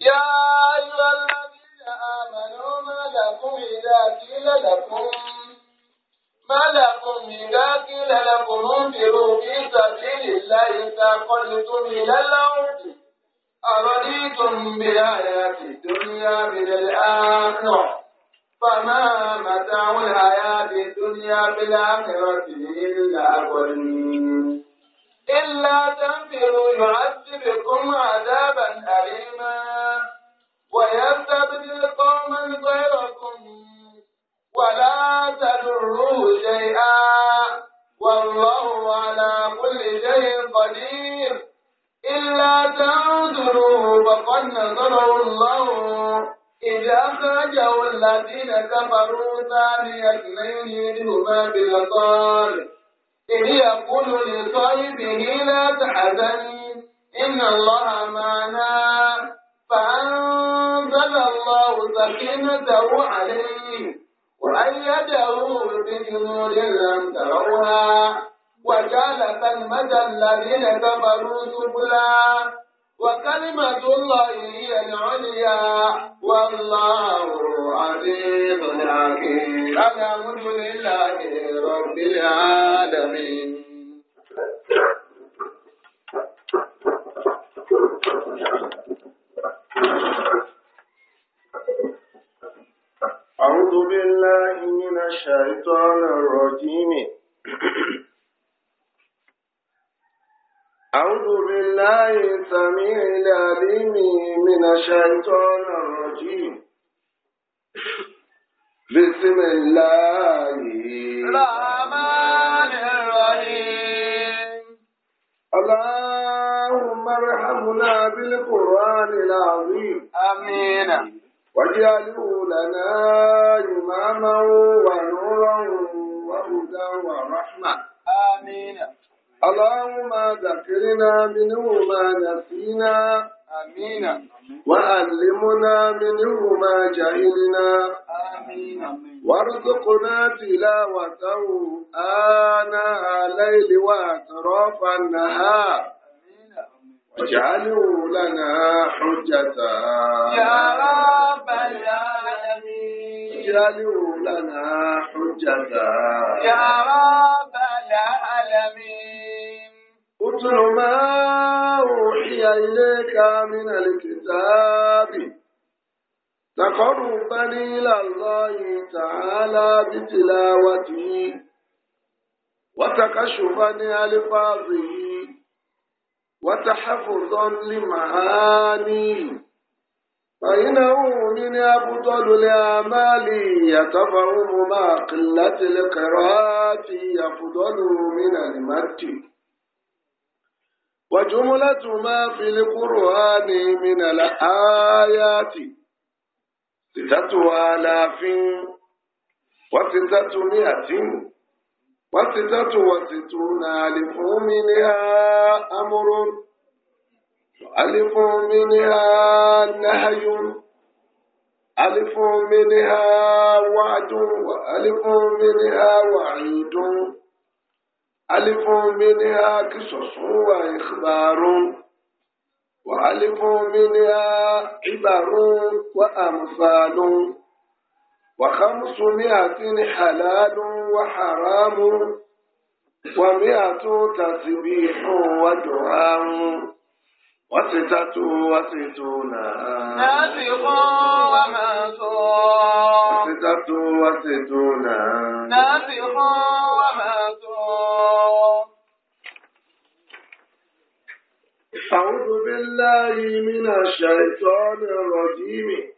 يا أيها الذين آمنوا ما لكم إذا قيل لكم ما لكم إذا قيل لكم انفروا في سبيل الله تقلتم إلى الأرض أرضيتم بحياة الدنيا من الآخرة فما متاع الحياة الدنيا بالآخرة إلا قليل إلا تنفروا يعذبكم عذابا أليما ويستبدل قوما غيركم ولا تدروه شيئا والله على كل شيء قدير إلا تعذروه فقد نظره الله إذا أخرجه الذين كفروا ثاني اثنين هما بالقارب إذ يقول لصاحبه لا تحزن إن الله معنا فأنزل الله سكينته عليه وأيده بجنود لم تروها وجعل كلمة الذين كفروا سبلا وكلمة الله هي العليا والله عزيز حكيم الحمد لله رب العالمين أعوذ بالله من الشيطان الرجيم أعوذ بالله السميع العليم من الشيطان الرجيم بسم الله الرحمن الرحيم اللهم ارحمنا بالقرآن العظيم آمين واجعله لنا إماما ونورا وهدى ورحمة آمين اللهم ذكرنا منه ما نسينا آمين وعلمنا منه ما جهلنا آمين وارزقنا تلاوته آناء الليل وأطراف النهار واجعله لنا حجة يا رب العالمين واجعله لنا حجة يا رب العالمين اتل ما أوحي إليك من الكتاب تقربا إلى الله تعالى بتلاوته وتكشفا ألفاظه وتحفظا لمعانيه فإنه من أفضل الأعمال يتفهم ما قلة القراءة يفضل من المتي وجملة ما في القرآن من الآيات ستة آلاف وستة مئة وستة وستون ألف منها أمر ألف منها نهي ألف منها وعد وألف منها وعيد ألف منها قصص وإخبار وألف منها عبر وأمثال وخمسمائة حلال وحرام ومائة تسبيح ودعاء وستة وستون ناسخ ومأثور وستة وستون ناسخ ومأثور أعوذ بالله من الشيطان الرجيم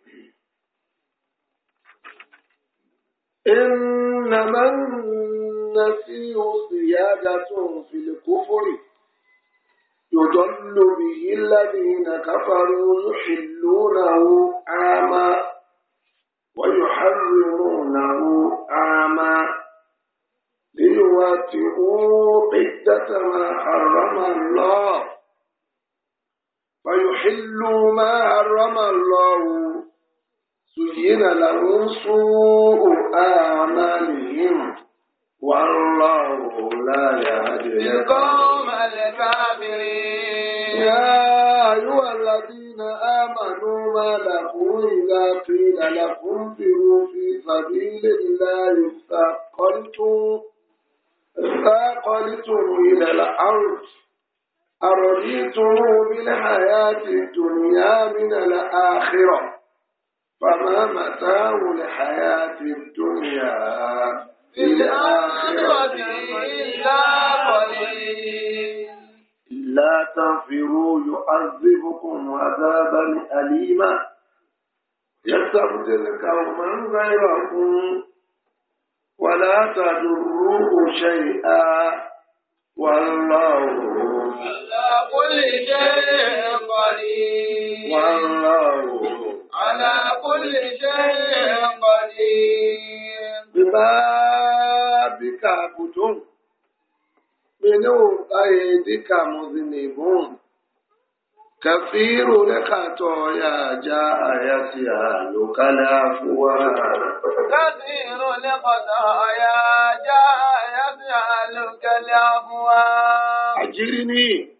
إنما النسيء زيادة في الكفر يضل به الذين كفروا يحلونه عاما ويحرمونه عاما ليواتئوا عدة ما حرم الله وحلوا ما حرم الله زين لهم سوء أعمالهم والله لا يهدي القوم الكافرين يا أيها الذين آمنوا ما لكم إذا قيل لكم في سبيل الله استقلتم استقلتم إلى الأرض أرضيته بالحياة الدنيا من الآخرة فما متاع الحياة الدنيا في الآخرة إلا قليل لا تنفروا يعذبكم عذابا أليما يستبدل قوما غيركم ولا تضروه شيئا والله كل شيء قدير والله على كل شيء قدير ببابك عبد بنور أيدك مذنبون كثير لك يا جاء يسألك العفو كثير لك يا جاء يسألك العفو أجرني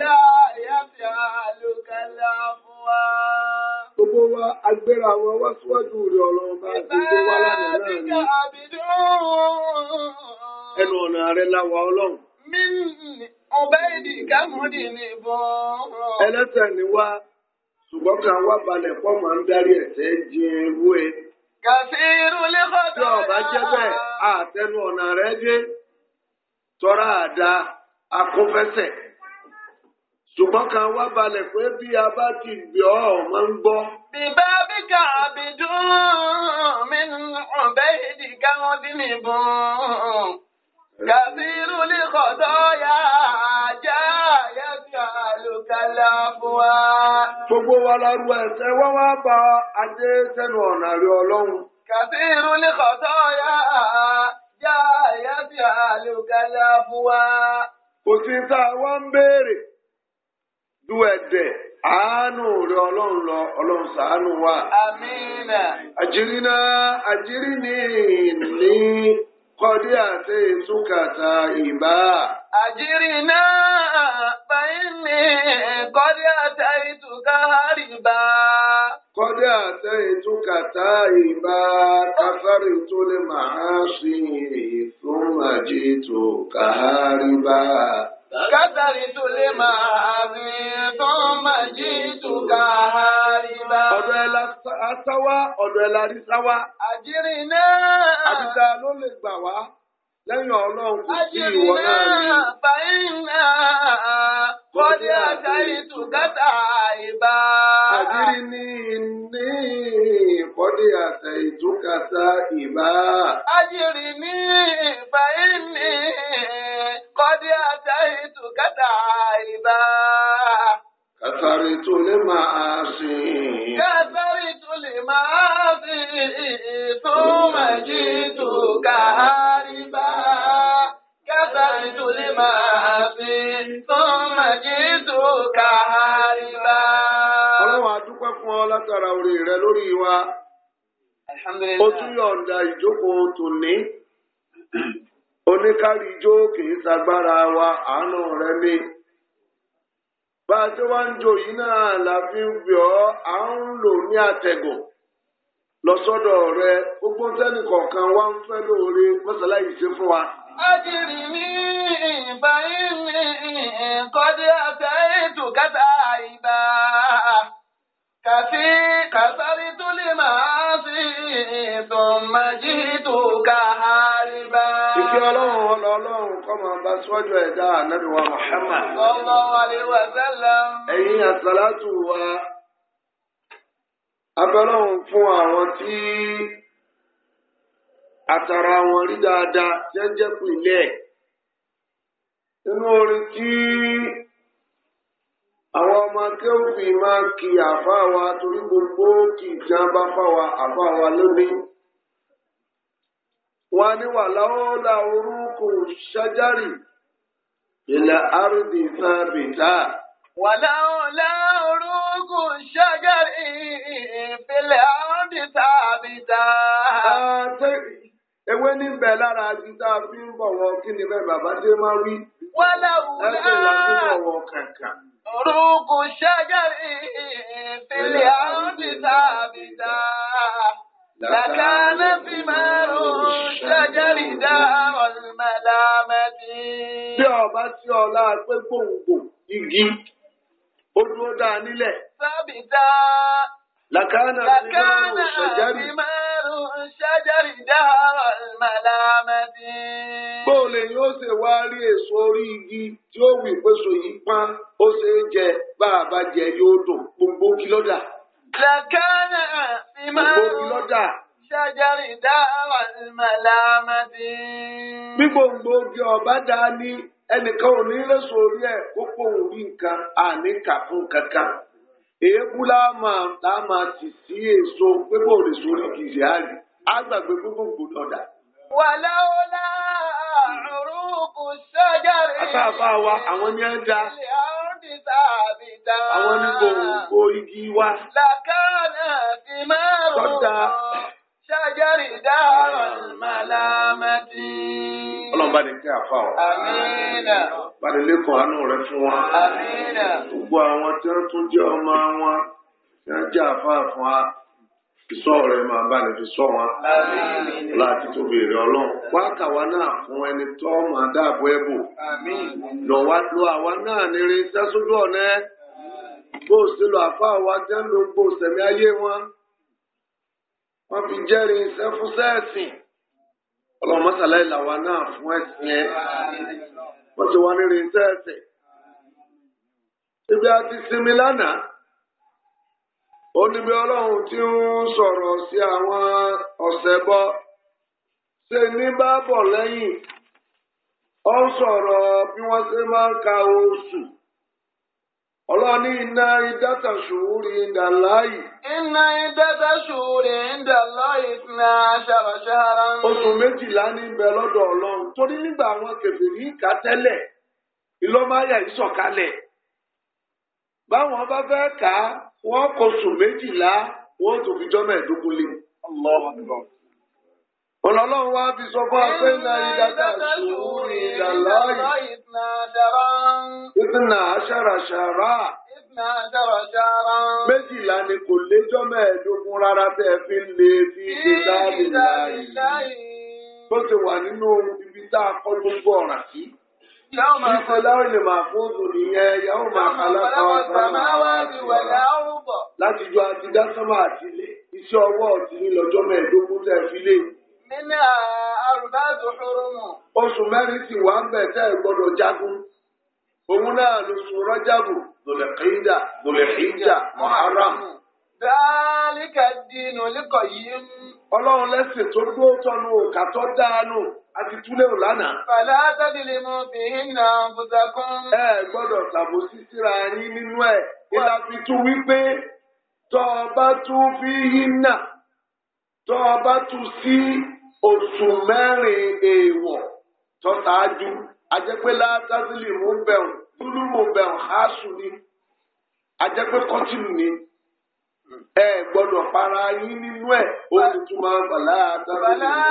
yá yáfíà lókàlà fún wa. Gbogbo wa agbéra wọn wá síwájú rẹ̀ ọ̀rọ̀ ọba àti ìgbé wa lánàá náà ni. Ẹnu ọ̀nà rẹ̀ láwa ọlọ́run. Mi ní ọbẹ̀ ìdí ìkámọ́dì ní ìbọn. Ẹlẹ́sẹ̀ ni wá, ṣùgbọ́n kan wá balẹ̀ pọ̀ máa ń darí ẹ̀sẹ̀ jin ewú ẹ. Kàfíìrù lè kọ́ tó. Tí ọba jẹ́ bẹ́ẹ̀, àtẹnu ọ̀nà rẹ̀ dé. Tọ́ra àdá akófẹ́sẹ̀ ṣùgbọ́n kan wá balẹ̀ pé bí a bá ti gbé ọ ọmọ ń gbọ́. bíbá bí kàbí dùn mí ọ̀bẹ ìdí káwọn dín nìbọn kàbí rúlé kọ̀dọ̀ yá ajá yàtọ̀ àlùkálà fún wa. gbogbo wa la ru ẹsẹ̀ wá wá bá adé sẹ́nu ọ̀nà rẹ̀ ọlọ́run. kàbí rúlé kọ̀dọ̀ yá ajá yàtọ̀ àlùkálà fún wa. kò tá a wá ń béèrè. dúwẹ̀dẹ̀ àánú rẹ ọlọ́run lọ ọlọ́run ṣàánú wa. ní kọ́dí àti ìtúkàtà ìbá. àjíríná kọ́dí àti ìtúkàtà ìbá. kọ́dí àti ìtúkàtà ìbá káfárì tó lè máa ṣe ìfún kátàrí tó lè máa fi tó máa jí ìtúkà àríwá. ọ̀dọ̀ ẹ̀ la sáwá ọ̀dọ̀ ẹ̀ la rí sáwá. àjírí náà. àbíta ló lè gbà wá lẹ́yìn ọlọ́run kò sí ìwọ náà àjírí náà báyìí náà kọ́dé àtàrí tó kátà ìbá. àjírí ní ní kọ́dé àtẹ ìtúkàtà ìbá. Ajìrì ní ìfàyín ní kọ́dé àtẹ ìtúkàtà ìbá. Kàtàrí tó lè máa sìn. Kàtàrí tó lè máa sìn. Tó máa jí tó kárí bá. Kàtàrí tó lè máa sìn. Tó máa jí tó kárí bá. Ọlọ́run a fún ọ látara orí rẹ lórí wa. ó tún yọ̀ǹda ìjókòó tòní oníkárí ijó kìí sagbára wa àánú rẹ mi bá a ti wá ń yìí náà la fi ń gbé ọ à ń lò ní àtẹ̀gùn lọ rẹ gbogbo sẹ́ni kọ̀ọ̀kan wá ń fẹ́ lóore mọ́sálá yìí fún wa. mi ìbáyìí mi kẹta ìbá. kàtí kàtàrí tó lè máa sí ìtọ̀mọ̀jì tó ká àríbá. Ìfẹ́ ọlọ́run ọlọ́run kọ́ máa bá síwájú ẹ̀dá ànábì wa Muhammad. Sallallahu alaihi wa sallam. Ẹ̀yin àsàlátù wa, abẹ́lọ́run fún àwọn tí àtàrà wọn rí dáadáa jẹ́jẹ́ pìlẹ̀. Inú orin tí àwọn ọmọ akéwì máa ń kí àfa wa torí gbogbo kì í jẹun bá fà wá àfa wa lónìí. wọn ní wà láwọlá orúkọ ṣájárì ilẹ̀ àrùbí sábìtà. wà láwọlá orúkọ ṣájárì ìpínlẹ̀ àrùbí sábìtà ewé ní bẹ lára níta fi ń bọ̀ wọn kí ni bẹ́ẹ̀ bàbá dé máa wí. wọ́lá wúlá ẹ̀sìn láti bọ̀ wọn kankan. rúkú ṣẹ́jẹ̀rì ìfìlẹ̀ àrùn ti sábìtà. لكان ثمار الشجر دار الملامة. Bí ọba tí ọlá pé gbòǹgbò igi, ó dúró dáa nílẹ̀. Sábìtà. لكان لكان ثمار الشجر دار الملامة bó lè yóò ṣe wá rí èso orí igi tí ó wì péso yìí pán ó ṣe é jẹ bá a bá jẹ yóò dùn gbogbo kí lọ́dà. لكان ثمار الشجر دار الملامة. bí gbogbo ogi ọba dá ní ẹnìkan ò ní rẹ́sọ̀ orí ẹ̀ kó pòun rí nǹkan àníkà fún kankan èébú láàmà láàmà tì sí èso pé lè sórí kìsì àárín á gbogbo gbòdò ọ̀dà. wàláwọlá àrùkù sọjárì. àtàfà wa àwọn ní ẹ dá. àwọn ní kò gbó igi wa. làkàna ti máa wò. sọjá. dáhùn màlámàtì ọlọ́run bá kí àfa ọ. àmínà. àánú rẹ fún wa. gbogbo àwọn tí wọ́n tún jẹ́ ọmọ wọn tí wọ́n jẹ́ àfa fún wa ìsọ rẹ máa bá ní fi sọ wọn. àmín. láti tó béèrè ọlọ́run. wá náà fún ẹni tó máa dáàbò ẹ̀bù. lọ wá lo àwa náà ní rí iṣẹ́ sójú ọ̀nà lọ àfa wa jẹ́ ń lo gbòòsẹ̀mí ayé wọn. wọ́n fi jẹ́rìí iṣẹ́ fún ọlọ́run mọ́sálá ìlàwà náà fún ẹ̀sìn ẹ̀ wọ́n ti wá nírí iṣẹ́ ẹ̀sìn. ibi a ti sinmi lánàá ó níbi ọlọ́run tí ń sọ̀rọ̀ sí àwọn ọ̀sẹ̀ bọ́ ṣe ní bá bọ̀ lẹ́yìn ó ń sọ̀rọ̀ bí wọ́n ṣe máa ń ka oṣù. ọlọ́ni iná ìdáta ṣòwúrí ìdá láàyè. iná ìdáta ṣòwúrí ìdá láàyè iná aṣàràṣàrà. oṣù méjìlá ní bẹ lọ́dọ̀ ọlọ́run torí nígbà àwọn kèfèrí ìka tẹ́lẹ̀ ìlọ́máyà ìsọ̀kalẹ̀ báwọn bá fẹ́ kà á wọ́n kó oṣù méjìlá wọ́n tó fi jọ́mọ̀ ẹ̀dógún lé. ọlọ́run wá fi sọ fún wa pé iná ìdáta ṣòwúrí ìdá láàyè. اثنا عشرا اثنا عشر شهرا اثنا عشر شهرا méjìlá ni kò léjọ́ mẹ́ẹ̀ẹ́dógún rárá tẹ́ ẹ fi ń lè fi ìdíjáde láàyè bó ti wà nínú ibi tá a kọ́ gbogbo ọ̀ràn sí. Yàwó máa kọ́ láwọn lè máa fún oṣù nìyẹn, yàwó máa kà lákàwọ́ sàmà wá sí wẹ̀lẹ̀ àrùbọ̀. Láti jọ àti dá sọ́mà àti ilé, iṣẹ́ ọwọ́ ọ̀tí ní lọ́jọ́ mẹ́ẹ̀ẹ́dógún tẹ̀ fi lé. iná àrùbá àdùhùrù mu. oṣù mẹ́rin ti wà ń bẹ̀ tẹ́ ẹ gbọ́dọ̀ jagun òun náà lóṣù rọ́jàbù dole lòlẹ̀kìjà muharram. dáálíkà dínú líkọ̀ yìí ọlọ́run lẹ́sìn tó dúró tọ́nu òkà tó dáánù àti túlẹ̀ ò lánàá. Fàlẹ́ àtẹ́dìlì mu fi hinna bùsàkún. Ẹ gbọ́dọ̀ yín nínú ẹ̀. Ìlà fi tún wípé tọ́ ọ bá tún fi oṣù mẹ́rin èèwọ̀ tó ṣáájú ajẹ́pẹ́ látàzílì mú bẹ̀rùn lúlú mú bẹ̀rùn áṣù ni ajẹ́pẹ́ kọ́tìlù ni ẹ gbọ́dọ̀ para yín nínú ẹ̀ ó sì tún máa bàlá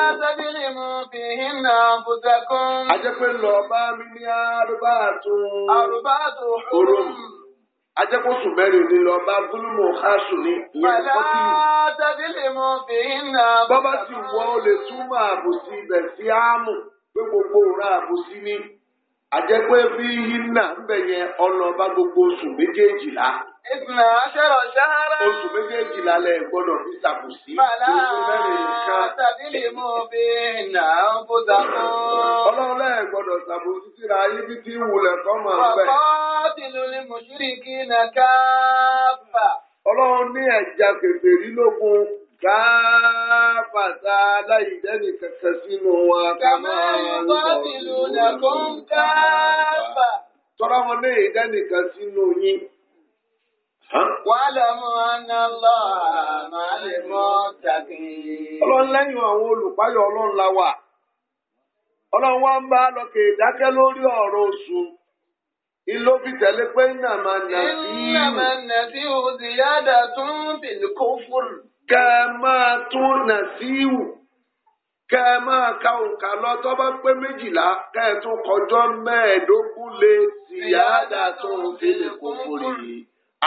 àtàbílì mú bí hinna bùtẹ́kùn. ajẹ́pẹ́ lọ bá mi ní àrùbá àtún. àrùbá àtún. oròmù ajẹ́kọ̀sù mẹ́rin ni lọ bá gúlùmọ̀ aṣù ní ìyẹn fọ́tí. bàbá ti wọ́ ọ lè túmọ̀ àbòsí ibẹ̀ sí áàmù pé gbogbo òun àbòsí ni. àjẹpẹ́ bí náà ń bẹ̀ yẹn gbogbo oṣù méjèèjìlá. ìgbìmọ̀ ṣáárá. oṣù méjèèjìlá lẹ gbọ́dọ̀ fi ṣàkóso. mú bí nà bó ọlọ́run lẹ gbọ́dọ̀ ṣàkóso síra ibi tí ìwúlẹ̀ kọ́ máa ń bẹ̀. ọkọ tìlú ni mùsùlùmí kì í nà ọlọ́run ní كافتا ليدنك كسنوا كما يقاتلونكم كافة ترى من ليدنك سنوني Wàlámọ̀ ànàlọ́ àmàlẹ́mọ́ tàbí. Ọlọ́run lẹ́yìn àwọn olùpáyọ̀ ọlọ́run la wà. Ọlọ́run wá ń bá lọ́kẹ̀ ìdákẹ́ lórí ọ̀rọ̀ oṣù ìlò fi tẹ̀lé pé nàmà nàbí. kẹ́ ẹ máa tún nà síwù kẹ́ ẹ ka òǹkà lọ tó bá pé méjìlá kẹ́ ẹ tún kọjọ́ mẹ́ẹ̀ẹ́dógún lé síyáàdà tó ń fi lè kó forí yìí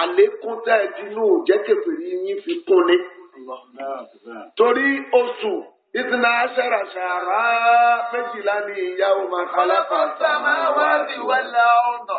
àlékún tẹ́ ẹ ti nù jẹ́kẹ̀fẹ̀rí yín fi kún ni. torí oṣù ìdìnnà aṣẹ́ra ṣàrá méjìlá ni ìyá òun máa kọ́ lápá. ọlọ́kọ̀ sàmáwá ti wọlé ọ̀nà.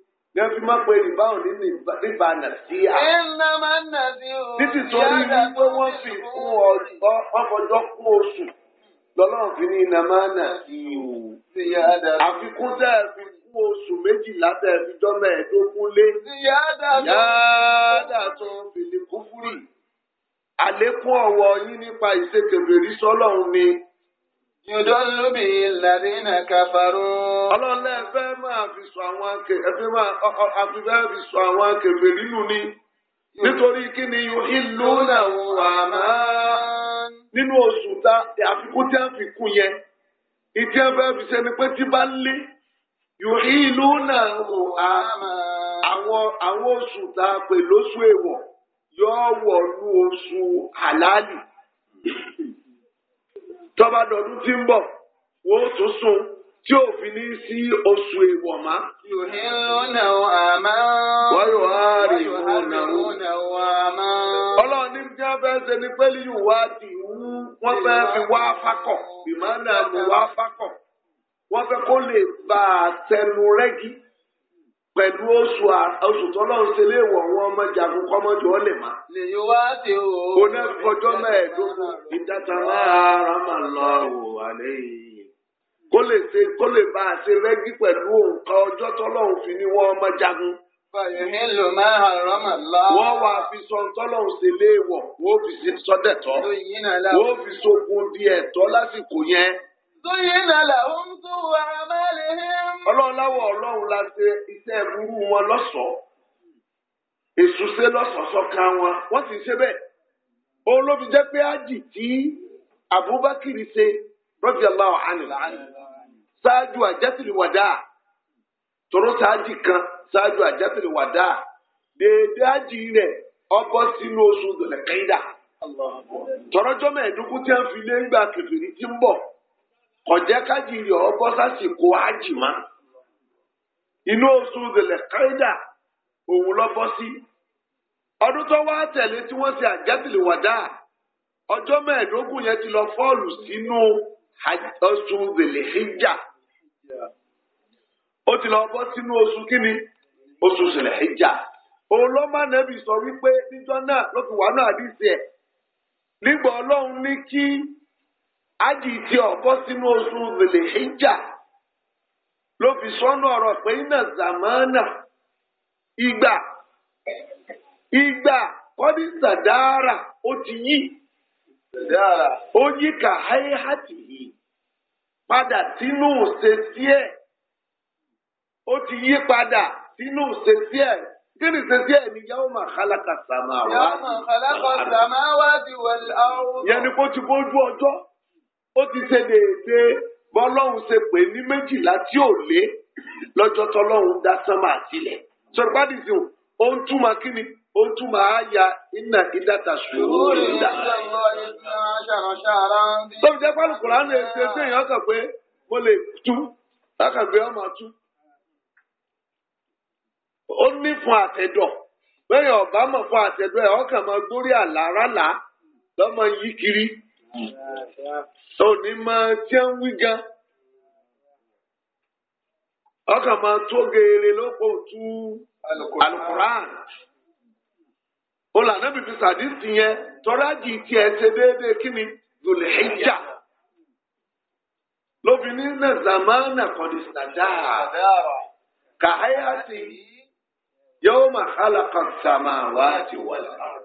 ní fi máa pe ìbáhùn nígbà nàìjíríà. iná máa ń nà sí òun. títí torí wípé wọ́n fi kún ọ̀fọ̀jọ́ kún oṣù lọ́lọ́run fi ní iná máa ń nà sí òun. àfikún tẹ́ ẹ fi kún oṣù méjìlá tẹ́ ẹ fi jọ́ mẹ́ẹ̀ẹ́dógún lé. yáàdà tó ń fìlì kúfúrì. àlékún ọ̀wọ̀ yín nípa ìṣèkèbèrè sọ́lọ́run ni. Yòdọ́lù bí ìlàdínà kàfàrú. Ọlọ́lá ẹ̀fẹ́ máa fi sọ àwọn akẹ́ ẹ̀fẹ́ máa àfihàn fi sọ àwọn akẹ́fẹ́ nínú ni. Nítorí kí ni ìlú náà wà máa nínú oṣù ta àfikún tí a fi kún yẹn. Ìdí ẹ̀fẹ́ fi ṣe ni pé tí bá lé. Ìlú náà wà máa àwọn àwọn oṣù ta tọ́ba dọ̀dún tí ń bọ̀ wọ́n tún sùn tí ò fi ní sí oṣù èèwọ̀ má. wọ́n yóò á rí ìwọ̀n ọlọ́run ní bí wọ́n fẹ́ ṣe ni pé lílù wá ti wú wọ́n fẹ́ fi wá fákọ̀ ìmọ̀ọ́nà mú wá fákọ̀ wọ́n fẹ́ kó lè bá a tẹnu rẹ́gí pẹ̀lú oṣù oṣù tọ́lọ́run ṣe lé wọ̀ wọn ọmọ jagun kọ́mọ́jọ ọ lè má. lèyí wá sí o. o ní ọjọ́ mẹ́ẹ̀ẹ́dógún ìdáta rárá mà lọ wò àlẹ́ yìí. kó lè ṣe kó lè bá a ṣe rẹ́gí pẹ̀lú òǹkà ọjọ́ tọ́lọ́run fi ní wọ́n ọmọ jagun. wọ́n wá fi sọ tọ́lọ́run ṣe lé wọ́n fi sọdẹ̀tọ́ wọ́n fi sogun di ẹ̀tọ́ lásìkò yẹn. Zúyìnà làwọn tó wà mẹ́lẹ̀hìn. Ọlọ́run láwọ̀ la ṣe iṣẹ́ burú wọn lọ́sọ̀ọ́. Èṣù ṣe ká wọn. Wọ́n sì ṣe bẹ́ẹ̀. Òun ló pé ájì tí Abubakar ṣe radiyallahu anhu. Ṣáájú àjẹsìlì wàdà. ṣáájì kan ṣáájú àjẹsìlì Dèédé ájì rẹ̀ ọbọ̀ sínú oṣù Dọ̀lẹ́kẹ́dà. Tọ̀rọ̀jọ́ mẹ́ẹ̀ẹ́dógún tí wọ́n fi lé ń gbà kẹfìrí ti ń bọ̀. ọ̀jẹ́ kájìrì ọ̀bọ sásìkò àjìmá inú oṣù zèlè káídà òun lọ bọ́ sí ọdún tó wá tẹ̀lé tí wọ́n ṣe àjátìlẹ̀wàdà ọjọ́ mẹ́ẹ̀ẹ́dógún yẹn ti lọ fọ́ọ̀lù sínú oṣù zèlè ó ti lọ sínú oṣù kínní oṣù òun má sọ wípé náà ló wà náà àdìsí nígbà ájì tí ọ̀bọ́ sínú oṣù zèlè hijja ló fi sọ́nù ọ̀rọ̀ pé iná zamana ìgbà ìgbà kọ́dí sàdára ó ti yí ó yí ká háyéhàtì yìí padà sínú òṣèṣì ẹ̀ ó ti yí padà sínú òṣèṣì ẹ̀ kíni sèse ẹni yàwó máa kálákà sàmáwá. yàwó máa kálákà sàmáwá ti wẹ̀lẹ̀ àwọn. yẹn ni kó ti bójú ọjọ́ ó ti ṣe déédé bọ́lọ́hún ṣe pè ní méjìlá tí ò lé lọ́jọ́ tọ́lọ́hún dá sánmà àtìlẹ̀ sọ̀rọ̀ bá dìde o ó ń túmọ̀ kí ni ó ń túmọ̀ àyà iná ìdáta sùúrù ìdá. tóbi jẹ́ pálí kùránì ṣe sẹ́yìn ọkàn pé mo lè tú ọkàn pé ọmọ tú. ó ní fún àtẹ̀dọ̀ bẹ́ẹ̀ ọ̀bá mọ̀ fún àtẹ̀dọ̀ ẹ̀ ọkàn máa gbórí àlá rálá lọ́mọ yí kiri. òní máa tí ń ọ ga ọkà máa tó geere lọ́pọ̀ òtú alukuran olànà bìbí sàdísì yẹn tọ́lájì tiẹ̀ ṣe déédéé kí ni lòlẹ̀ ẹ̀jà lóbìnrin náà zamana kọ́ni sàdáà ha yóò máa kálá kan sàmáwá ti wà lọ́rùn.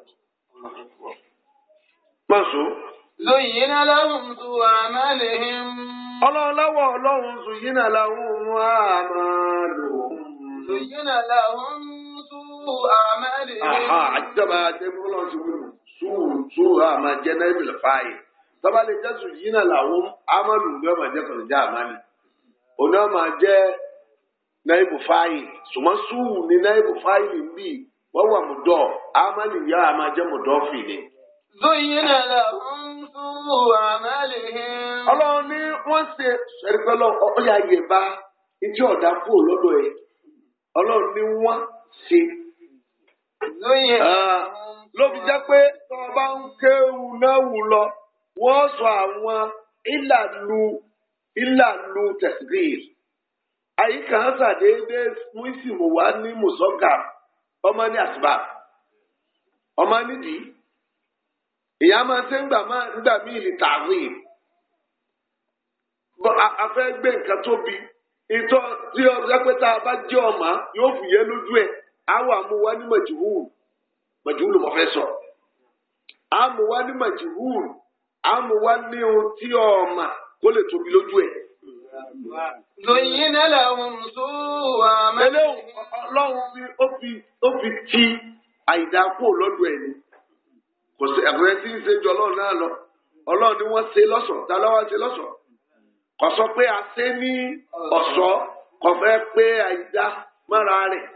Zuyina lahum tu'amalihim. Ọlọ́lọ́wọ́ ọlọ́run zuyina lahum amaluhum. Zuyina lahum tu'amalihim. Aha àjọba àjẹmí ọlọ́run ti wúlò sùúrù sùúrù àmà jẹ́ náà ìbìlẹ̀ fáyé. Tọ́ba lè jẹ́ zuyina lahum amaluhum bí ọmọ jẹ́ kọ̀ọ̀lù jẹ́ àmàlì. Òní ọmọ jẹ́ náà ìbò fáyé. Sùmọ́ sùúrù ni náà ìbò ń bì. Wọ́n wà mọ̀dọ́ àmàlì yá àmà jẹ́ mọ̀dọ́ fìlè. Zóyínà làwọn Ọlọ́run ní wọ́n ṣe ṣẹ̀rípẹ́lọ́ ọ̀yà Yèbá ìjọ ọ̀dà kú lọ́dọ̀ ẹ̀. Ọlọ́run ní wọ́n ṣe. Ah, ló fi jẹ́ pé tọ́ bá ń náà wù lọ, wọ́n sọ àwọn ìlàlú ìlàlú tẹ̀síbìr. Àyíká ń ṣàdédé Mùsùlùmí wá ní Mùsọ́gà, ọmọ ní àsìbà, ọmọ nídìí. ìyá máa ṣe ń gbà máa ń gbà mí ìlì tààrí afẹ́ gbé nǹkan tóbi ìtọ́ tí ọjọ́ pé tá a bá jẹ́ ọ̀mà yóò fìyẹ́ lójú ẹ̀ á wà mú wa ní màjúwùn màjúwùn ló mọ̀ fẹ́ sọ á mú wa ní màjúwùn á mú wa ní ohun tí ọ̀mà kó lè tóbi lójú ẹ̀. Zòyìnà làwọn sùúwà máa. Eléwọ̀n ọlọ́run ó fi ti àìdákò lọ́dọ̀ ẹ̀ ni kò sí ẹ̀kúrẹ́ tí ń ṣe ju ọlọ́run náà lọ ọlọ́run ni wọ́n ṣe lọ́sọ̀ọ́ ta lọ́wọ́ ṣe lọ́sọ̀ọ́ kò sọ pé a ṣe ní ọ̀ṣọ́ kò fẹ́ pé àìdá mára rẹ̀.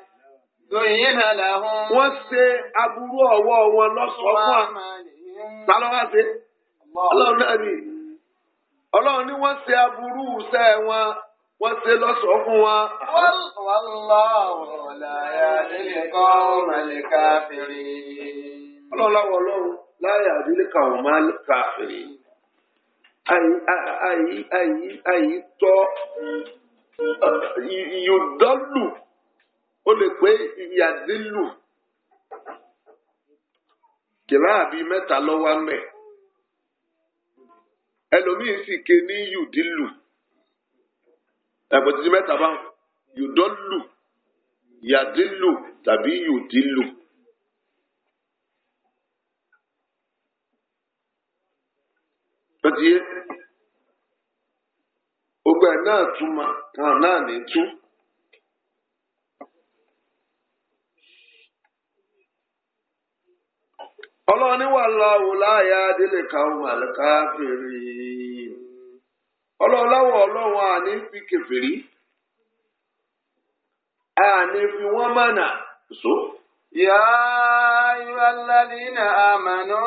wọ́n ṣe aburú ọwọ́ wọn lọ́sọ̀ọ́ fún wa ta lọ́wọ́ ṣe ọlọ́run náà ni ọlọ́run ni wọ́n ṣe aburú iṣẹ́ wọn wọ́n ṣe lọ́sọ̀ọ́ fún wa. wàlláhùn ọ̀la yà kọ́ ọ̀rọ̀ mẹ́lẹ̀ ọlọ́láwọ̀ ọlọ́run láyà àdúlé káwọn máa káfìrí àyítọ́ ìyọ̀dọ́lù ó lè pé ìyàdílù kìlá mẹ́ta lọ́wọ́ mẹ́ ẹlòmíín sì ké ní yùdílù ẹ̀pọ̀ títí mẹ́ta bá yùdọ́lù yàdílù tàbí yùdílù. sọ́díé gbogbo ẹ̀ náà túmọ̀ kan náà ní tú. ọlọ́ọ̀ni wà láwò láàyè adélè káwọn ka fèrè ọlọ́ọ̀láwọ̀ ọlọ́wọ̀n àní fi kẹfìrí àní fi wọ́n mánà so. Yà á yọ aládìní àmàlà.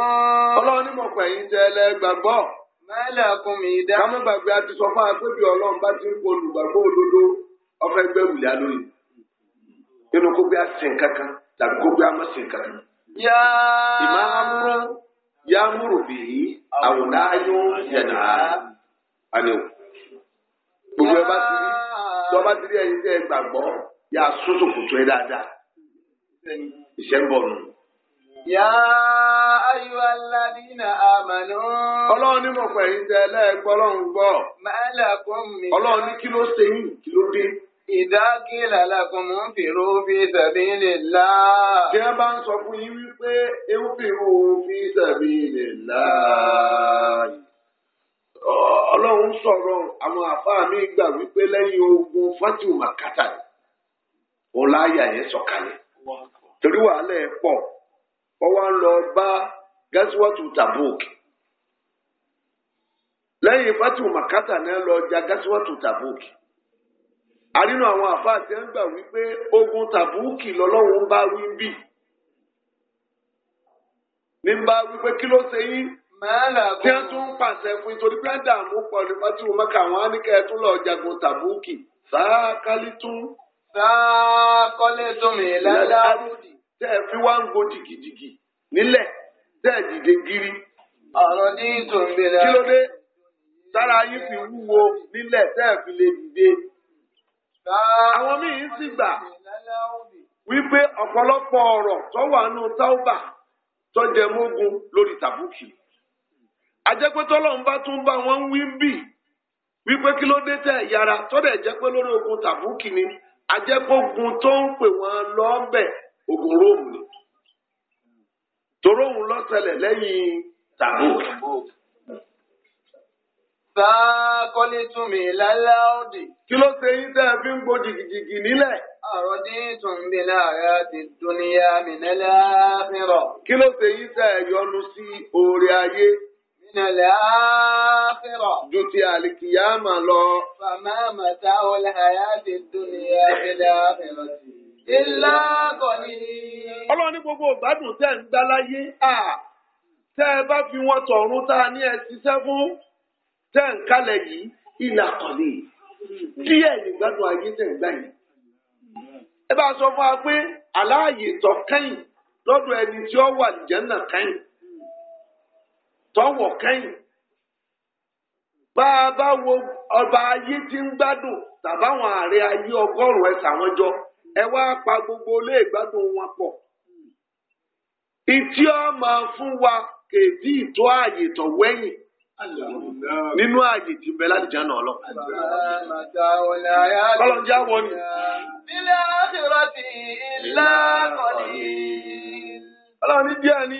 Ọlọ́ọ̀ni mọ̀ gbàgbọ́. mẹ́lẹ̀ kún mi dá. ká má gbàgbé a ti sọ fún akébi ọlọ́run bá ti ń kó olùgbàgbọ́ òdodo ọfẹ́ gbẹ́ wùlẹ̀ lónìí nínú kó gbé asìn kankan tàbí kó gbé amọ̀sìn kankan. yá ìmáàmúrú yáàmúrú bìí àwòdáyó yẹnà àníw. gbogbo ẹ bá ti rí tí ọba ti rí ẹyin tẹ ẹ gbàgbọ́ yà sọ́sọ́ kùtù ẹ dáadáa. iṣẹ́ ń bọ̀ nù. yáà ayọ̀ aládìínà àmàlú. ọlọ́run ní mo pẹ̀lú tẹ ẹlẹ́gbọ́n ọlọ́run gbọ́. màálà kún mi. ọlọ́run ní kí ló ṣe yín kí ló dé. ìdákìlà làkùn mú fìrú fi sabilillah. bí wọ́n bá ń sọ fún yín wípé ewu fìrú fi sabilillah. ọlọ́run sọ̀rọ̀ àwọn àfáà mi gbà wípé lẹ́yìn ogun fátìmù màkàtà ọ̀la àyà yẹn sọ̀kalẹ̀ torí wàhálà ẹ̀ pọ̀ wọ́n wá ń lọ bá gasiwatu tabuk lẹ́yìn fatu makata náà lọ ja gasiwatu tabuk àrínú àwọn àfáà tí wọ́n gbà wípé ogun tabuk lọ́lọ́run ń bá wí bì ní bá wípé kí ló ṣe yín tí wọ́n tún ń pàṣẹ fún nítorí pé dààmú pọ̀lú fatu maka àwọn anìkẹ́ tún lọ jagun tabuk sáà tún. sáà kọ́lé tún mi lálẹ́ àrùdì. tẹ́ ẹ fi wá ń go jìgìjìgì nílẹ̀. bẹ́ẹ̀ dìde gírí. ọ̀rọ̀ ní tòmìnira. kí ló dé tára yín fi wúwo nílẹ̀ tẹ́ẹ̀ fi lè dìde. àwọn míín sì gbà wípé ọ̀pọ̀lọpọ̀ ọ̀rọ̀ tó wà nù táùbà tó jẹ mógún lórí tàbùkì. àjẹpẹ́tọ́lọ́ ń bá tún bá wọn wí bì wípé kí ló dé tẹ̀ yàrá tó dẹ̀ jẹ́ pé lórí ogun tàbùkì ni àjẹpógun tó ń pè wọ́n lọ́ọ́bẹ̀ ogun róòmù ni. toró òun lọ́sẹ̀lẹ̀ lẹ́yìn tàbó. Sáàkọ́lé tún mi lálẹ́ ọ̀dì. Kí ló ṣe yín tẹ́ ẹ fi ń gbó jìgìjìgì nílẹ̀? Ọ̀rọ̀ dín tún mi láàárọ̀ ti dúníyà mi nílẹ̀ àfihàn. Kí ló ṣe yín tẹ́ ẹ yọnu sí oore ayé? Nílẹ̀ àfihàn. Ju ti àlìkìyàmà lọ. Fàmà màtá olè àyà ti dúníyà mi láàfihàn sí. Ilá kọ̀ ni. Ọlọ́run ní gbogbo ìgbádùn tẹ̀ ń gbá láyé. Tẹ́ ẹ bá fi wọn tọ̀run tá a ní ẹ ṣiṣẹ́ fún tẹ́ ń kálẹ̀ yìí ìlà kọ̀ ni. Díẹ̀ nígbádùn ayé tẹ̀ ń gbá yìí. Ẹ bá sọ fún wa pé aláàyè tọ́ kẹ́yìn lọ́dọ̀ ẹni tí ó wà lìjẹ́nà kẹ́yìn tọ́wọ̀ kẹ́yìn bá a bá wo ọba ayé tí ń gbádùn tàbáwọn ààrẹ ayé ọgọ́rùn-ún ẹ̀sà wọn ẹ wá pa gbogbo ilé ìgbádùn wọn pọ̀ ìtí ọmọ fún wa kèdí ìtọ́ ààyè tọ̀ wẹ́yìn nínú ààyè tí bẹ láti jáná ọlọ. Ọlọ́run já wọ ni. Bílẹ̀ àṣírọ́tì ìlà kọ̀dí. Ọlọ́run ní díẹ̀ ni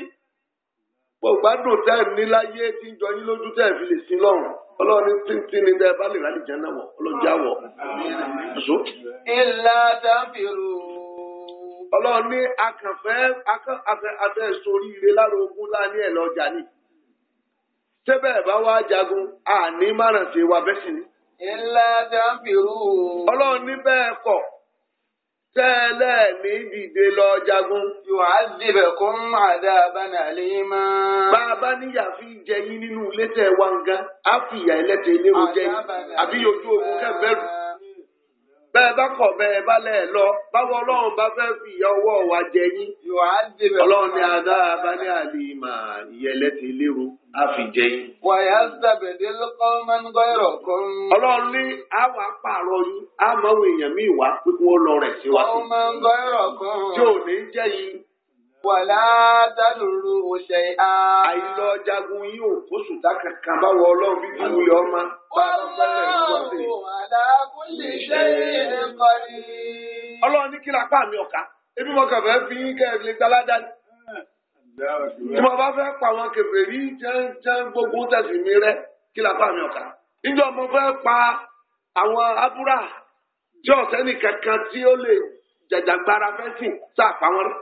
gbàdùn tẹ́ ẹ̀ ní láyé tí ń jọ yín lójú tẹ́ ẹ̀ fi lè sin lọ́rùn ọlọ́run títí ní tẹ́ bá lè rálì jẹ́ náà wọ̀ ọlọ́jà wọ̀. ìlà dábìrù. ọlọ́run ní akànfẹ́ afẹ́ soríire lára láàní ẹ̀ lọ́jà ni. tẹ́bẹ̀ bá wá jagun àní márùn-ún ti wà bẹ́sì ni. ìlà dábìrù. ọlọ́run ní bẹ́ẹ̀ tẹ́lẹ̀ ní dìde lọ jagun. yóò á dìbẹ̀ kó ń mà dá abáná àlè yín mọ́. bá níyà fi jẹ yín nínú ilé tẹ̀ wá nǹkan á fìyà ẹlẹ́tẹ̀ẹ́ lérò jẹ yín àbí yòókù ogun kẹfẹ́ rù bẹ́ẹ̀ bá kọ̀ bẹ́ẹ̀ bá lẹ̀ lọ báwo ọlọ́run bá fẹ́ fi ìyá ọwọ́ wa jẹ yín. ọlọ́run ni adá abálẹ̀ àlìmà ìyẹlẹ ti léru á fi jẹ yín. wàyà sàbẹ̀dẹ̀ lọ́kọ́ máa ń gbọ́ ẹ̀rọ kan. ọlọ́run ní àwa pààrọ̀ yín á máa ń èèyàn míì wá pé kí wọ́n lọ rẹ̀ síwájú. ọmọ ń ẹ̀rọ kan. tí ò ní jẹ́ yín wàlá tálùrù òṣè á. àìlọ jagun yìí ò kó sùdá kankan bá wọ ọlọ́run bí kí wúlò ọmọ. ọlọ́run wàlá kò lè ṣe é kọ́ni. ọlọ́run ní kí la pa àmì ọ̀ka ebi mo kàn fẹ́ fi kẹ́hìn lè gbalada ni. tí mo bá fẹ́ pa àwọn kèfèrí jẹ́ńjẹ́ń gbogbo tẹ̀sí mi rẹ kí la pa àmì ọ̀ka. níjọ́ mo fẹ́ pa àwọn abúrà jọ́ọ̀sẹ́nì kankan tí ó lè jàjàgbara fẹ́ sìn sáà pa wọn rẹ̀.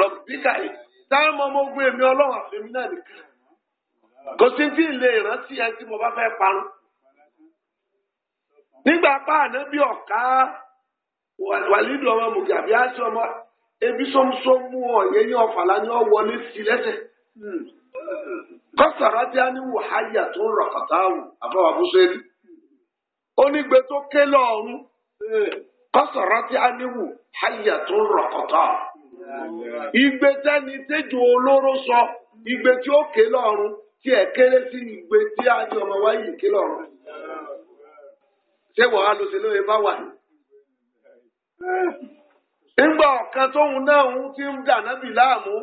Rọ̀bíkà yìí, táwọn ọmọ ogun èmi ọlọ́run àfẹ́mi náà nìkan. Kò sí tí ilé ìrántí ẹ tí mo bá fẹ́ parun. Nígbà apá ànábì ọ̀ká wàlídìí ọmọ mùgàbí àti ọmọ ebi ọ̀fàlà ni ọ wọlé sí lẹ́sẹ̀. a ní wàháyà tó ń kọsọrọ aniwu a tó rọkọtọ igbe tẹni tẹjú olóró sọ igbe tí ó ké tí ẹ kéré sí igbe tí ọmọ ké ṣé wàá lọ sí lóye bá wà ọ̀kan tóun náà ń ti ń dàná bì láàmú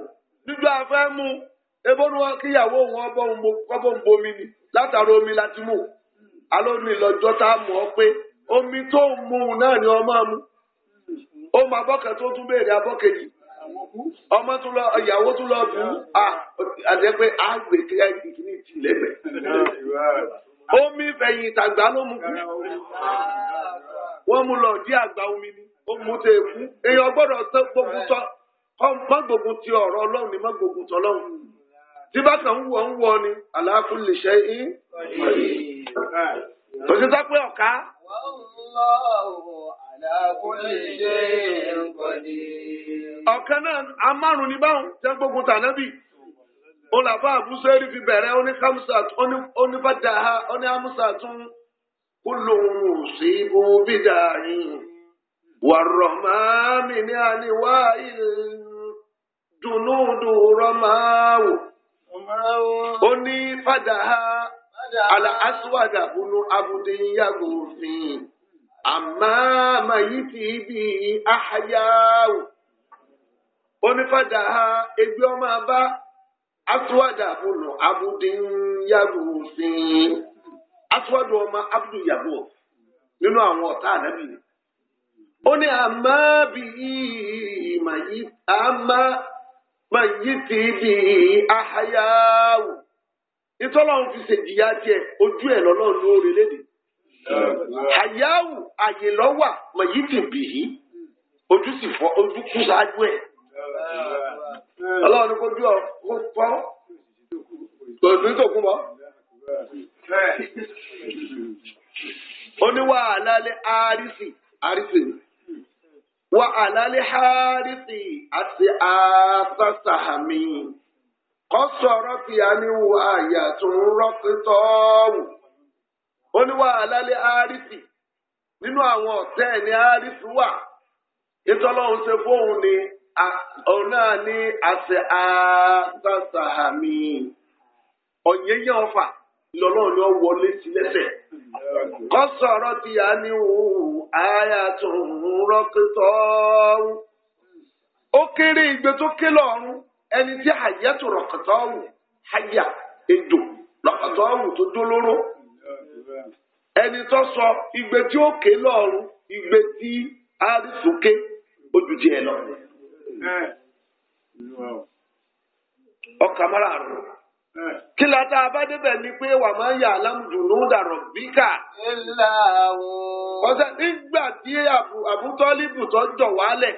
dúdú afẹ́ mu ebónú wọn kíyàwó òun ọbọ̀ ni omi láti mú lọ́jọ́ tá a mọ̀ ọ́ omi tó mu náà ni ọmọ mu ó máa bọ́kẹ́ tó tún béèrè abọ́kejì ọmọ tún lọ ìyàwó tún lọ bù ú àdẹ́pẹ́ àgbẹ̀ kí ẹ̀kíní ti lẹ́gbẹ̀ẹ́ omi fẹ̀yìn tàgbà ló mu kú wọ́n mu lọ dí àgbà omi ni ó mu tẹ̀ kú èèyàn gbọ́dọ̀ tẹ́ gbogbo tọ́ mọ́gbógun ti ọ̀rọ̀ ọlọ́run ni mọ́gbógun tọ́lọ́run tí bá kàn ń wọ̀ ń wọ ni àlàáfù lè ṣe é. òṣìṣẹ́ pé ọ̀ká ọ̀kan náà a márùn ní báwọn tẹ́ gbógun tànábì olàfà àbúṣẹ́rì fi bẹ̀rẹ̀ onífàdáhà oníhàmúsà tún kúlòhùn sí bóbí dàáyìn wàrọ̀mọ́mí ní àníwá ìdùnnúdù rọ́máwò ó ní fàdáhà àlà aswada bunu àmà màyìtì bí àhàyáwò onífàdà ha ebi ọmọ abá atúwàdà àbúlọ abúdín yàgò sìn atúwàdà ninu àwọn ọ̀tá ni ó ní àmà bí àmà màyìtì bí àhàyáwò ìtọ́lọ́run fi ṣèjìyà jẹ ojú ẹ̀ lọ́lọ́run lóore àyáwù àyèlọ́wà mọ̀yídìbìyí ojú sì fọ ojú kú ṣáájú ẹ̀. ọlọ́run kojú ọ kó fọ́ tòun tó kú mọ́. ó ní wà á lálẹ́ àrísì àrísì wà á lálẹ́ àrísì àti àtàtàmì kọ́sọ̀rọ̀ fìyà ni wà àyà yà tó ń rọ́ pé tọ́wù. ó ní àárífì nínú àwọn ọ̀tẹ́ ní àárífì wà ìtọ́lọ́hún ṣe fóun ní òun náà ní àṣẹ àtàṣàmì ọ̀yẹ́yẹ́ ọ̀fà lọ́lọ́run ni ó wọlé sí lẹ́sẹ̀ kọ́ sọ̀rọ̀ tí a ní òun àyà tó ń rọ́kítọ́ ó kéré ìgbé tó ké lọ́run ẹni tí àyẹ̀tò rọ̀kítọ́ ọ̀hún àyà èdò rọ̀kítọ́ ẹni tó sọ igbe tí ó ké lọ́ọ̀rùn igbe tí àrísùké ojú tiẹ̀ lọ. ọkà mara rò kí la tá a bá débẹ̀ ni pé wà máa ń yà alámùdùnú dàrọ̀ bíkà. ọ̀sẹ̀ nígbà tí àbútọ́líbù tó wálẹ̀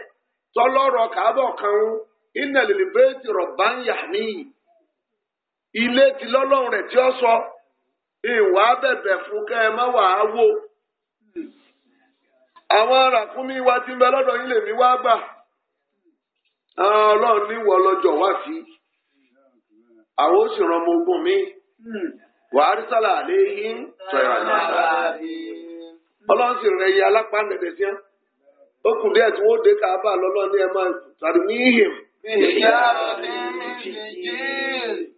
kan ń bẹ́ẹ̀ ti rọ̀ bá ń ìwà bẹ̀bẹ̀ fún kẹ́ ẹ má wà á wò. àwọn arákùnmí wa ti ń bẹ lọ́dọ̀ yín lèmi wá gbà. Ah, ọlọ́run ní wọ lọ́jọ́ wá sí. àwọn ó sì rán ọmọ ogun mi. wàá rí sálà àléhìn tọ́yà náà. ọlọ́run sì rẹ̀ yẹ alápá nẹ̀dẹ̀ sí ẹ́. ó kù díẹ̀ tí wọ́n dé ká bá lọ́lọ́ ní ẹ máa tàbí ní ìhìn. ìyá mi ti jẹ́.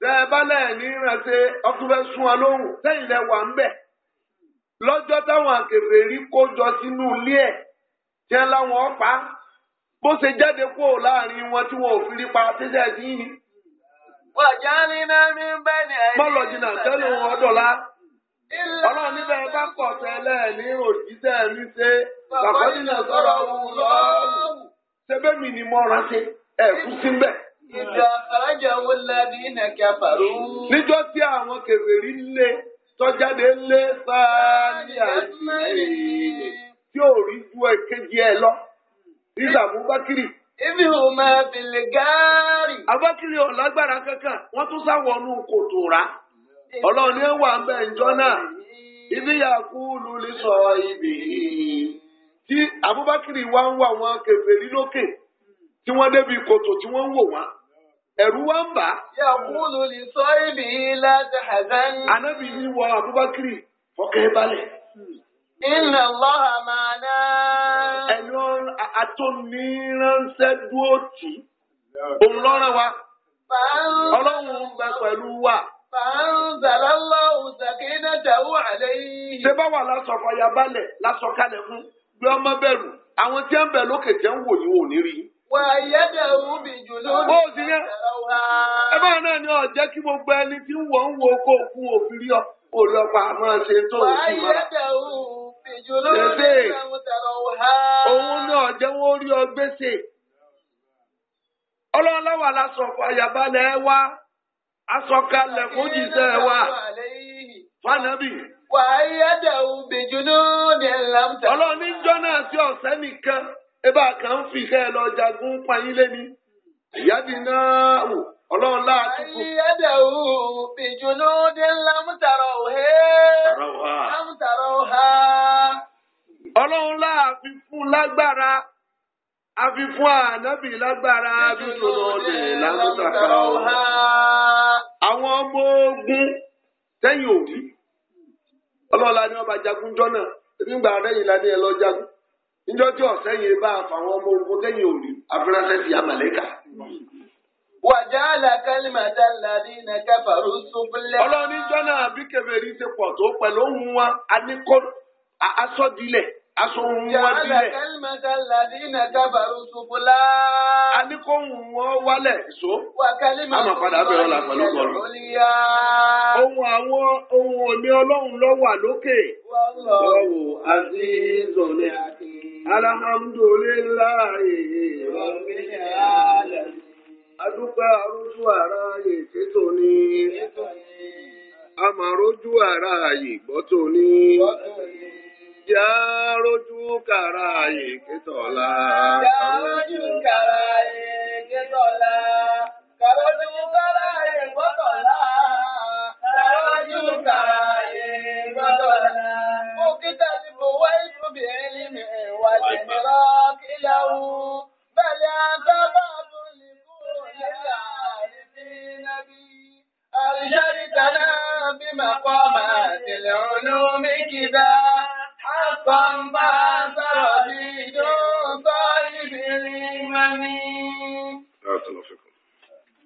tẹ ẹ bá lẹ́yìn ní ìrànṣẹ́ ọtúnfẹ́ sún wa sẹ́yìn wà ń bẹ̀. lọ́jọ́ táwọn àkèrè rí kó jọ sínú ilé ẹ̀ jẹ́ láwọn ọ̀pá bó ṣe jáde láàrin wọn tí wọn fi rí pa tẹ́sẹ̀ sí i. wàjà ní ẹ̀yìn. jìnnà tẹ́lẹ̀ wọn dọ̀la. ọlọ́run níbẹ̀ bá pọ̀ tẹ́lẹ̀ ní òjíṣẹ́ mi ṣe bàbá jìnnà sọ̀rọ̀ òun lọ́ọ̀rù. ni mo ẹ̀kú sí Ìgbà àkàràjà wo lábí iná kẹfàrú? Níjọ́ tí àwọn kèfèrí lé tọ́jáde lé sáání àjùmọ̀ tí ò rí ju ẹ̀kejì ẹ lọ. Ìgbà mú Bákírì. Ibi ò máa bèlè gáárì. Abákírì ò lágbára kankan, wọ́n tún sáwọnú kòtò rà. Ọlọ́run ní wà ń bẹ̀ ǹjọ́ náà. Ibi yàkú lulí sọ ibì. Tí Abubakar wá ń wà wọn kèfèrí lókè, tí wọ́n débi kòtò tí wọ́n ń wò wọ́n ẹ̀rù wa ń bà. yàkúlù lè sọ ibi láti hazan. anábì ní wọ abubakar fọkẹ́ balẹ̀. inna Allaha ma'ana. ẹni atóniránṣẹ́ dúró tì òun lọ́rọ̀ wa ọlọ́run ń bẹ pẹ̀lú wa. Fàánzàlálàhù sàkínàtàwù àléyìn. Ṣé bá wà lásọ̀fàyà balẹ̀ lásọ̀kalẹ̀ fún? Gbé ọmọ bẹ̀rù. Àwọn tí ń bẹ lókè jẹ́ ń wò ní wò rí. Wà yẹ́dẹ̀rú bì jù lórí ìṣẹ̀lẹ̀ wa. Ẹ bá náà ni ọ̀jẹ́ kí gbogbo ẹni tí ń wọ̀ ń wo kó fún òfin rí ọ. Olọ́pàá máa ṣe tó òfin mọ́. Wà yẹ́dẹ̀rú bì jù lórí ìṣẹ̀lẹ̀ wa. Òun náà jẹ́ wọ́n rí ọ gbèsè. Ọlọ́lọ́wà la sọ̀kọ̀ àyàbálẹ̀ wa. Asọ̀kalẹ̀ fún jìṣẹ́ wa. Fánábì wàáyédè òbèjúlódé làmtà. ọlọ́ọ̀ni jọ́nà àti ọ̀sẹ́ nìkan ebe a ka m fi ìkẹ́ ẹ lọ jagun payín lẹ́ni ìyáàdì náà wò ọlọ́run láàtú fún. ayédè o ìjùnú dé lámútàrọ̀ òhe. lámútàrọ̀ fún àwọn ọmọ ogun tẹ́yìn òrí ọlọ́run la ọba jagun ẹ lọ jagun. njọjọ ọsẹ yìí bá àfàwọn ọmọ ogun tẹ̀yìn òní afurasẹ ti amalẹka. wàjà àlàkálì màdàládì nà káfàrú súnfúnlẹ. ọlọ́ni jọ́nà àbí kẹfẹ́rì ti pọ̀ tó pẹ̀lú ohun wa aníkó asọ́dilẹ̀ aṣọ ohun wọn dilẹ̀. yàrá àlàkálì màdàládì nà káfàrú súnfúnlá. aníkó ohun wọn wálẹ̀ so. wàkálì màdàládì àmọ̀ padà bẹ̀rẹ̀ la pẹ̀lú bọ̀lù. ohun àwọn ohun òní ọlọ́run ló wà lókè. wọ́n lọ wò azizu ní akin. alihamudulilayi rọ̀bìnrin àlẹ́. adúpẹ́ arúgbó ara ààyè tètò ní. amarójú ara ààyè gbọ́tò ní. yá rójú kàrà ààyè ojú kàáyé gbọ́dọ̀lá. Mo kí tàbí mo wá ìlúbìnrin ní mi wá jẹ̀mọ́rọ́ kí láwù. Bẹ́ẹ̀ni àtàbà tó lè kúrò nílà àìsí nábì. Àríṣàrí kaná